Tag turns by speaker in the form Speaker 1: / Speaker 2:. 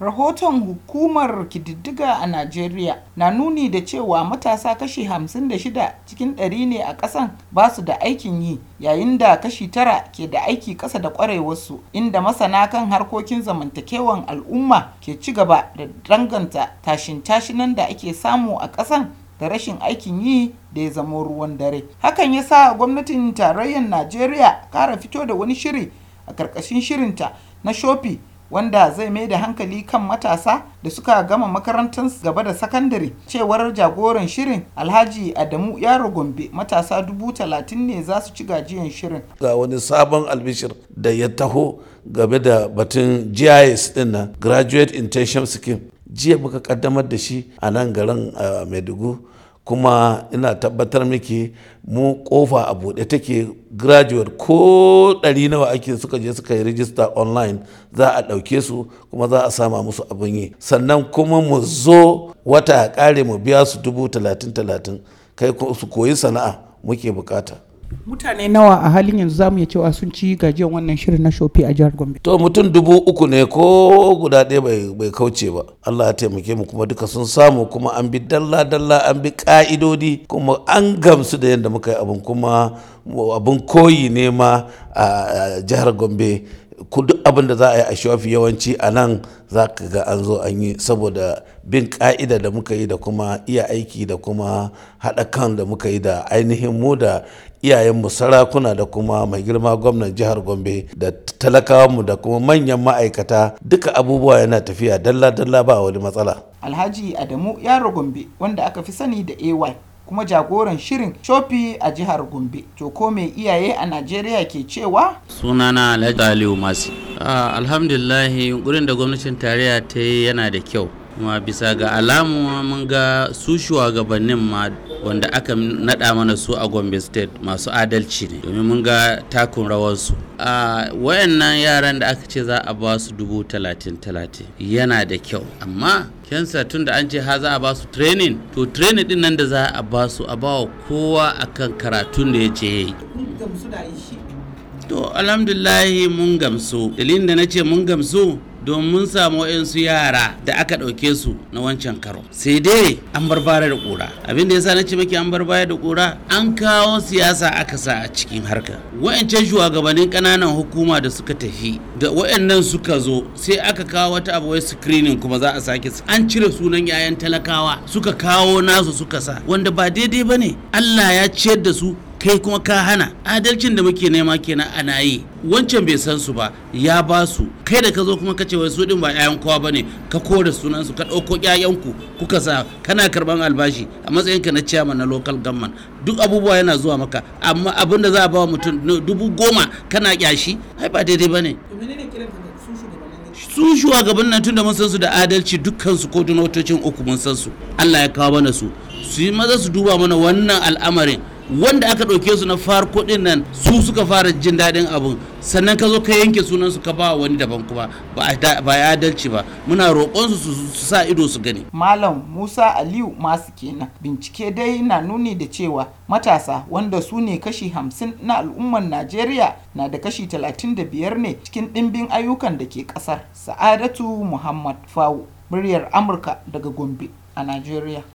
Speaker 1: Rahoton Hukumar kididdiga a Najeriya na nuni da cewa matasa kashi 56 cikin ɗari ne a ƙasan basu da aikin yi, yayin da kashi tara ke da aiki ƙasa da ƙwarewarsu, inda masana kan harkokin zamantakewan al'umma ke ci gaba da danganta tashin-tashinan da ake samu a ƙasan da rashin aikin yi da ya zamo ruwan dare. Hakan ya sa gwamnatin tarayyar Najeriya kara fito da wani shiri a ƙarƙashin shirinta na Shofi wanda zai mai da hankali kan matasa da suka gama makarantar gaba da sakandare cewar jagoran shirin alhaji adamu yaro gombe matasa dubu talatin ne za su ci gajiyan shirin ga wani sabon albishir da ya taho
Speaker 2: game da batun gis din graduate intention scheme jiya muka kaddamar da shi a nan garin eh, maiduguri kuma ina tabbatar miki mu kofa a buɗe take graduate ko ɗari nawa ake suka je suka yi rijista online za a ɗauke su kuma za a sama musu abin yi sannan kuma mu zo wata a ƙare mu biya su dubu talatin talatin kai su koyi sana'a muke bukata
Speaker 1: mutane nawa a halin yanzu zamu iya cewa sun ci gajiyar wannan shirin na shofi a jihar gombe
Speaker 2: to mutum dubu uku ne ko guda ɗaya bai kauce ba allah ya taimake mu kuma duka sun samu kuma an bi dalla dalla an bi ka'idodi kuma an gamsu da yadda muka yi abin kuma abin koyi ne ma a jihar gombe ku duk abin da za a yi a shafi yawanci a nan za ka ga an zo an yi saboda bin ka'ida da muka yi da kuma iya aiki da kuma haɗa kan da muka yi da ainihin mu da iyayenmu sarakuna da kuma mai girma gwamnan jihar gombe da talakawanmu da kuma manyan ma'aikata duka abubuwa yana tafiya dalla-dalla ba wani matsala
Speaker 1: alhaji adamu yaro gombe wanda aka fi sani da ay kuma jagoran shirin shofi a jihar gombe to ko mai iyaye a najeriya ke cewa
Speaker 3: sunana alhaji aliyu masu alhamdulillah yunkurin da gwamnatin tarayya ta yi yana da kyau kuma bisa ga alamu mun ga su shugabannin ma wanda aka nada mana su a gombe state masu adalci ne domin mun ga takun rawarsu a wayannan yaran da aka ce za a ba su dubu talatin talatin yana da kyau amma kensa tun da an ce ha za a ba su training to training din nan da za a ba su a bawa kowa akan karatun da ya ce ya yi to alhamdulillahi mun gamsu dalilin da na ce mun gamsu don mun samu wayansu yara da aka ɗauke su na wancan karo sai dai an bar baya da ƙura abin da yasa na ce maki an bar baya da ƙura an kawo siyasa aka sa a cikin harka wayancan shugabannin ƙananan hukuma da suka tafi da wayannan suka zo sai aka kawo wata abu wai screening kuma za a sake an cire sunan yayan talakawa suka kawo nasu suka sa wanda ba daidai bane Allah ya ciyar da su kai kuma ka hana adalcin da muke nema kenan ana yi wancan bai san su ba ya ba su kai da ka zo kuma kace wai su din ba ƴaƴan kowa bane ka kore sunan su ka ɗauko ku kuka sa kana karban albashi a matsayin ka na chairman na local government duk abubuwa yana zuwa maka amma abin da za a ba mutum dubu goma kana kyashi ai ba daidai bane su shugaban nan tun da mun san su da adalci dukkan su ko dunotocin uku mun san su Allah ya kawo mana su su yi maza su duba mana wannan al'amarin wanda aka ɗauke su na farko ɗin nan su suka fara jin daɗin abun sannan ka zo ka yanke sunan su ka ba wani daban kuma ba ya adalci ba muna roƙon su su sa ido su gani
Speaker 1: malam musa aliyu masu kenan bincike dai na nuni da cewa matasa wanda su ne kashi hamsin na al'ummar najeriya na da kashi talatin da biyar ne cikin ɗimbin ayyukan da ke ƙasar sa'adatu muhammad fawo muryar amurka daga gombe a najeriya